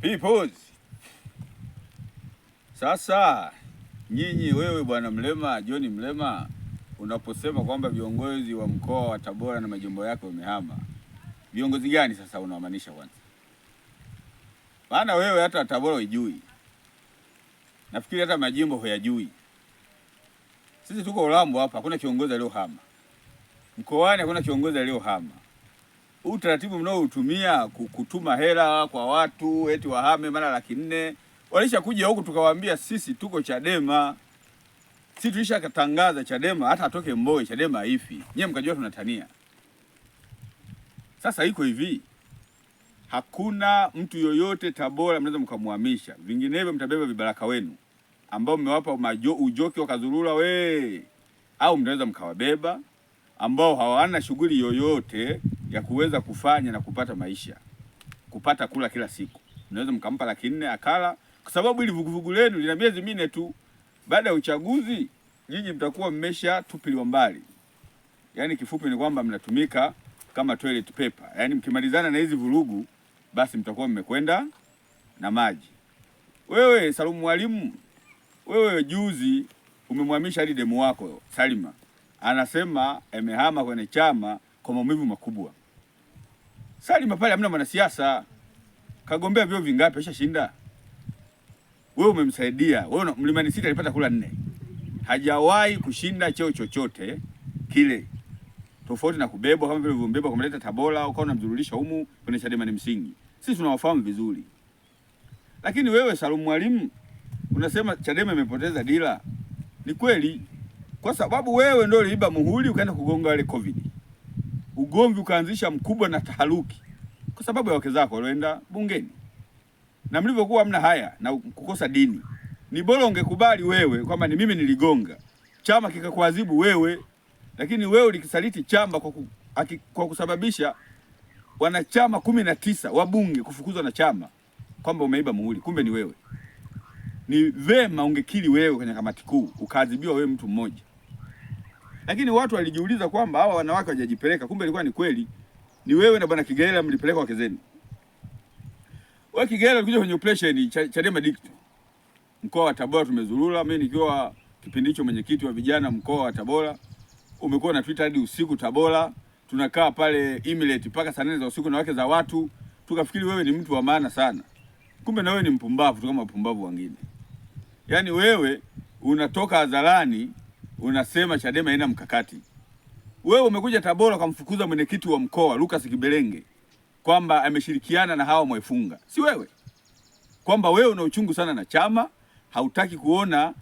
Peoples. Sasa nyinyi, wewe bwana Mlema, John Mlema, unaposema kwamba viongozi wa mkoa wa Tabora na majimbo yake wamehama, viongozi gani sasa unawamaanisha kwanza? Maana wewe hata Tabora hujui, nafikiri hata majimbo huyajui. Sisi tuko Urambo hapa, hakuna kiongozi aliyohama mkoani, hakuna kiongozi aliyohama huu utaratibu mnaoutumia kutuma hela kwa watu eti wahame mara laki nne, kuja huku tukawaambia sisi tuko Chadema, sisi katangaza Chadema, hata atoke Mbowe Chadema haifi. Nyewe mkajua tunatania. Sasa iko hivi, hakuna mtu yoyote Tabora mnaweza mkamhamisha, vinginevyo mtabeba vibaraka wenu ambao mmewapa ujoki wakazurura we, au mnaweza mkawabeba ambao hawana shughuli yoyote ya kuweza kufanya na kupata maisha, kupata kula kila siku. Unaweza mkampa laki nne akala, kwa sababu ili vuguvugu lenu lina miezi minne tu. Baada ya uchaguzi, nyinyi mtakuwa mmeshatupiliwa mbali. Yaani kifupi ni kwamba mnatumika kama toilet paper. Yaani mkimalizana na hizi vurugu, basi mtakuwa mmekwenda na maji. Wewe Salumu Mwalimu, wewe juzi umemhamisha hadi demu wako Salima, anasema amehama kwenye chama kwa maumivu makubwa. Salima pale hamna mwanasiasa, kagombea vyo vingapi? Ashashinda. Wewe umemsaidia wewe. Mlimani City alipata kula nne, hajawahi kushinda cheo chochote kile, tofauti na kubebwa kama vile ulivyobeba kumleta Tabora, ukawa unamzurulisha humu kwenye Chadema ni msingi. Sisi tunawafahamu vizuri, lakini wewe Salum Mwalimu unasema Chadema imepoteza dira. Ni kweli, kwa sababu wewe ndio uliiba muhuri ukaenda kugonga wale Covid ugomvi ukaanzisha mkubwa na taharuki kwa sababu ya wake zako walioenda bungeni, na mlivyokuwa mna haya na kukosa dini. Ni bora ungekubali wewe kwamba ni mimi niligonga chama kikakuadhibu wewe, lakini wewe ulikisaliti chama kwa, ku, aki, kwa kusababisha wanachama kumi na tisa wa bunge kufukuzwa na chama kwamba umeiba muhuri, kumbe ni wewe. Ni vema ungekili wewe kwenye kamati kuu, ukaadhibiwa wewe mtu mmoja. Lakini watu walijiuliza kwamba hawa wanawake hawajajipeleka, kumbe ilikuwa ni kweli. Ni wewe na bwana Kigela mlipeleka wake zenu. Wewe Kigela ulikuja kwenye operation cha Chadema Dict. Mkoa wa Tabora tumezurura, mimi nikiwa kipindi hicho mwenyekiti wa vijana mkoa wa Tabora. Umekuwa na Twitter hadi usiku Tabora. Tunakaa pale Emirates mpaka saa nane za usiku na wake za watu. Tukafikiri wewe ni mtu wa maana sana. Kumbe na wewe ni mpumbavu tu kama wapumbavu wengine. Yaani wewe unatoka hadharani unasema Chadema haina mkakati. Wewe umekuja Tabora ukamfukuza mwenyekiti wa mkoa Lucas Kibelenge kwamba ameshirikiana na hawa Mwaifunga, si wewe? Kwamba wewe una uchungu sana na chama, hautaki kuona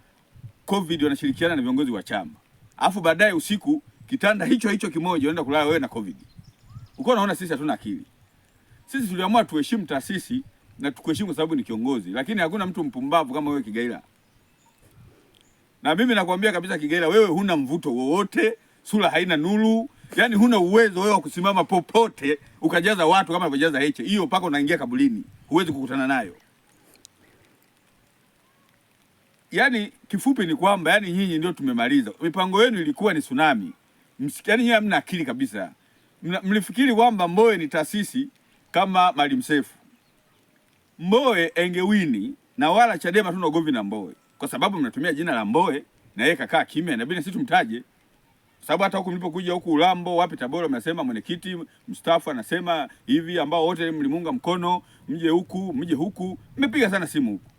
Covid wanashirikiana na viongozi wa chama, alafu baadaye usiku kitanda hicho hicho kimoja unaenda kulala wewe na Covid. Uko unaona sisi hatuna akili. Sisi tuliamua tuheshimu taasisi na tukuheshimu kwa sababu ni kiongozi, lakini hakuna mtu mpumbavu kama wewe Kigaila na mimi nakwambia kabisa Kigela, wewe huna mvuto wowote, sura haina nuru, yani huna uwezo wewe wa kusimama popote ukajaza watu kama alivyojaza Heche. Hiyo mpaka unaingia kabulini huwezi kukutana nayo. Yani kifupi ni kwamba yani nyinyi ndio tumemaliza mipango yenu, ilikuwa ni tsunami. Msikiani yeye, hamna akili kabisa. Mlifikiri kwamba Mbowe ni taasisi kama Maalim Seif. Mbowe engewini na wala Chadema tuna ugomvi na Mbowe kwa sababu mnatumia jina la Mbowe na yeye kakaa kimya, inabidi sisi tumtaje, kwa sababu hata huku mlipokuja huku Ulambo, wapi Tabora, mnasema mwenyekiti mstaafu anasema hivi, ambao wote mlimunga mkono, mje huku, mje huku, mmepiga sana simu huku.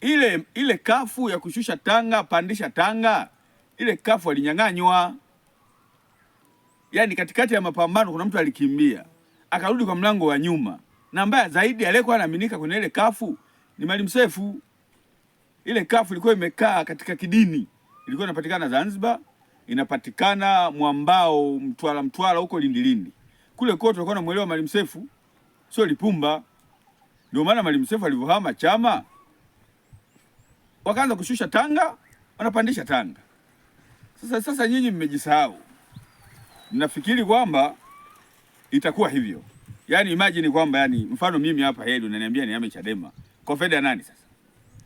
Ile ile kafu ya kushusha tanga pandisha tanga, ile kafu alinyang'anywa. Yaani katikati ya mapambano kuna mtu alikimbia akarudi kwa mlango wa nyuma, na mbaya zaidi aliyekuwa anaaminika kwenye ile kafu ni Mwalimu Sefu. Ile kafu ilikuwa imekaa katika kidini, ilikuwa inapatikana Zanzibar, inapatikana mwambao Mtwara, Mtwara huko Lindilindi kule kote, tulikuwa tunamwelewa Mwalimu Sefu, sio Lipumba. Ndio maana Mwalimu Sefu alivyohama chama, wakaanza kushusha Tanga, wanapandisha Tanga. Sasa sasa nyinyi mmejisahau, nafikiri kwamba itakuwa hivyo. Yani imagine kwamba yani, mfano mimi hapa Hedu naniambia niame Chadema kwa faida nani sasa?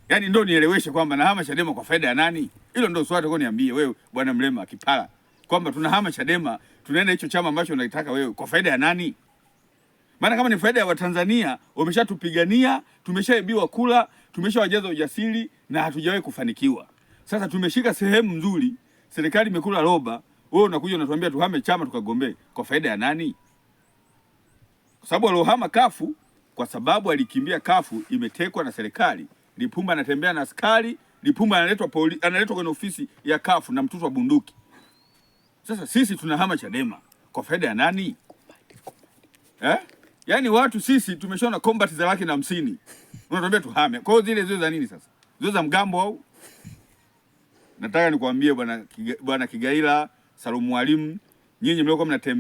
Yaani ndio nieleweshe kwamba nahama Chadema kwa faida ya nani? Hilo ndio swali utakuwa niambie wewe bwana Mrema Kipala kwamba tunahama Chadema tunaenda hicho chama ambacho unataka wewe kwa faida ya nani? Maana kama ni faida ya Watanzania wameshatupigania, tumeshaibiwa kula, tumeshawajaza ujasiri na hatujawahi kufanikiwa. Sasa tumeshika sehemu nzuri, serikali imekula roba, wewe unakuja unatuambia tuhame chama tukagombee kwa faida ya nani? Kwa sababu aliohama kafu kwa sababu alikimbia kafu imetekwa na serikali. Lipumba anatembea na askari, Lipumba analetwa poli, analetwa kwenye ofisi ya kafu na mtutu wa bunduki. Sasa sisi tunahama Chadema kwa faida ya nani? Eh? Yaani watu sisi tumeshaona combat za laki na hamsini, unatuambia tuhame. Kwa hiyo zile zile za nini sasa? Zile za mgambo au? Nataka nikwambie bwana Kigaila, Salum Mwalimu, nyinyi mliokuwa mnatembea